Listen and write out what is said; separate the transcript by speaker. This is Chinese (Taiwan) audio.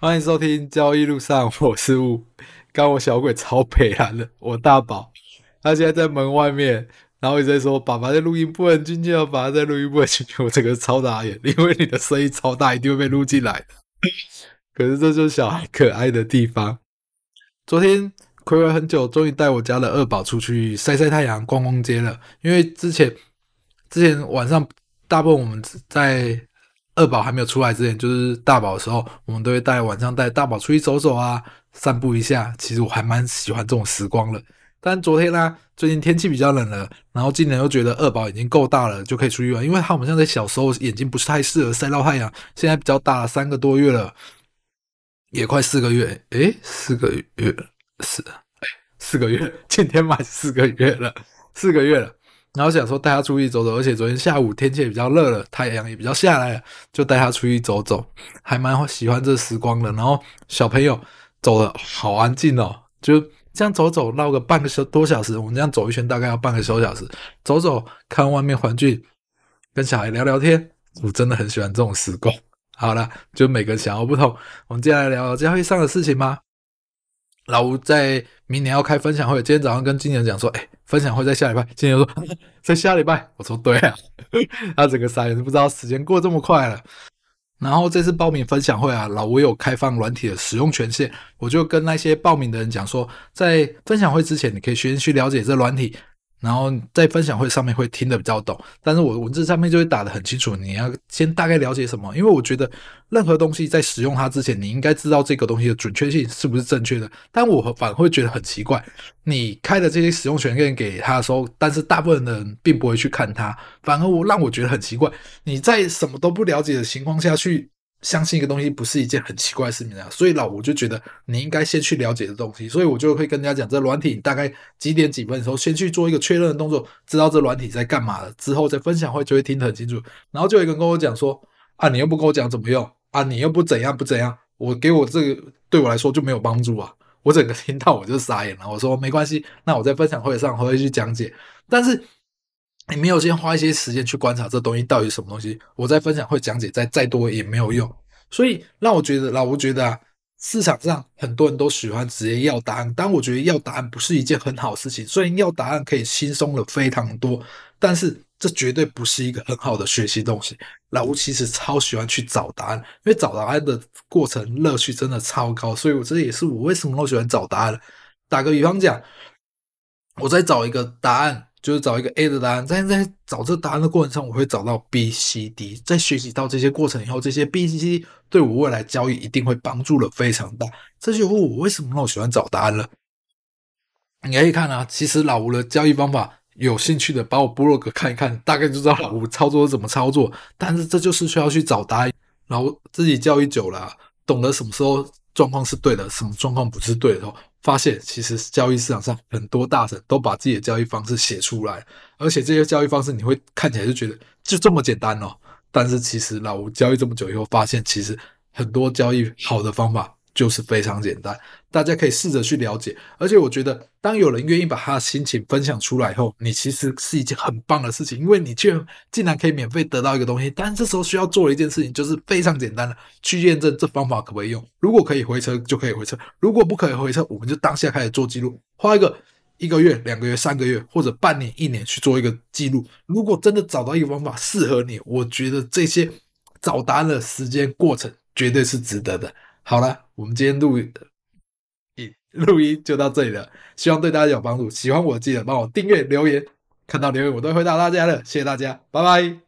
Speaker 1: 歡迎收聽交易路上，我是吳。剛我小鬼超北爛的，我大寶他現在在門外面，然後一直在說：“爸爸在錄音不能進去，爸爸在錄音不能進去。”我整個超大眼，因為你的聲音超大，一定會被錄進來的。可是這就是小孩可愛的地方。昨天睽違很久，終於帶我家的二寶出去曬曬太陽、逛逛街了。因為之前之前晚上大部分我們在。二寶還沒有出來之前，就是大寶的時候，我們都會帶晚上帶大寶出去走走啊，散步一下。其實我還蠻喜歡這種時光的。但昨天呢、啊，最近天氣比較冷了，然後今年又覺得二寶已經夠大了，就可以出去玩，因為他好像在小時候眼睛不是太適合曬到太陽。現在比較大了，三個多月了，也快四個月。誒，四個月，四，四個月，今天滿四個月了，四個月了。然後想說，帶他出去走走，而且昨天下午天氣也比較熱了，太陽也比較下來了，就帶他出去走走，還蠻喜歡這時光的。然後小朋友走的好安靜哦，就這樣走走，繞個半個小多小時，我們這樣走一圈大概要半個小小時，走走看外面環境，跟小孩聊聊天，我真的很喜歡這種時光。好啦，就每個人想要不同，我們接下來聊聊教會上的事情吧。老吳在明年要開分享會，今天早上跟經紀人講說：“哎、欸，分享會在下禮拜。”經紀人說：“呵呵在下禮拜。”我說：“對啊。呵呵”他整個傻眼，都不知道時間過這麼快了。然後這次報名分享會啊，老吳有開放軟體的使用權限，我就跟那些報名的人講說，在分享會之前，你可以先去了解這軟體。然後在分享會上面會聽得比較懂，但是我文字上面就會打得很清楚。你要先大概了解什麼，因為我覺得任何東西在使用它之前，你應該知道這個東西的準確性是不是正確的。但我反而會覺得很奇怪，你開的這些使用權限給他的時候，但是大部分的人並不會去看它，反而我讓我覺得很奇怪，你在什麼都不了解的情況下去。相信一個東西不是一件很奇怪的事情啊，所以老吳就覺得你應該先去了解這東西，所以我就會跟人家講，這軟體你大概幾點幾分的時候先去做一個確認的動作，知道這軟體在幹嘛了之後，在分享會就會聽得很清楚。然後就有一個人跟我講說啊，你又不跟我講怎麼用啊，你又不怎樣不怎樣，我給我這個對我來說就沒有幫助啊，我整個聽到我就傻眼了。我說沒關係，那我在分享會上我會去講解，但是。你沒有先花一些時間去觀察這東西到底什麼東西，我再分享、會講解再再多也沒有用。所以讓我覺得，老吳覺得啊，市場上很多人都喜歡直接要答案，當然我覺得要答案不是一件很好事情。所以要答案可以輕鬆得非常多，但是這絕對不是一個很好的學習東西。老吳其實超喜歡去找答案，因為找答案的過程樂趣真的超高，所以我這也是我為什麼都喜歡找答案。打個比方講，我在找一個答案。就是找一個 A 的答案，在在找這答案的過程中，我會找到 B、C、D。在學習到這些過程以後，這些 B、C、D 對我未來交易一定會幫助的非常大。這句話，哦，我為什麼那麼喜歡找答案了？你可以看啊，其實老吳的交易方法，有興趣的把我 blog 看一看，大概就知道老吳操作是怎麼操作。但是這就是需要去找答案，然後自己交易久了，懂得什麼時候狀況是對的，什麼狀況不是對的發現其實交易市場上很多大神都把自己的交易方式寫出來，而且這些交易方式你會看起來就覺得就這麼簡單哦。但是其實老吳交易這麼久以後發現，其實很多交易好的方法。就是非常簡單，大家可以試着去了解。而且我覺得，當有人願意把他的心情分享出來以後，你其實是一件很棒的事情，因為你竟然竟然可以免費得到一個東西。但這時候需要做的一件事情就是非常簡單的，去驗證這方法可不可以用。如果可以回車就可以回車，如果不可以回車，我們就當下開始做記錄，花一個一個月、兩個月、三個月或者半年、一年去做一個記錄。如果真的找到一個方法適合你，我覺得這些找答案的時間過程絕對是值得的。好了，我們今天錄音，錄音就到這裡了。希望對大家有幫助。喜歡我，記得幫我訂閱、留言。看到留言，我都會回答大家的。謝謝大家，拜拜。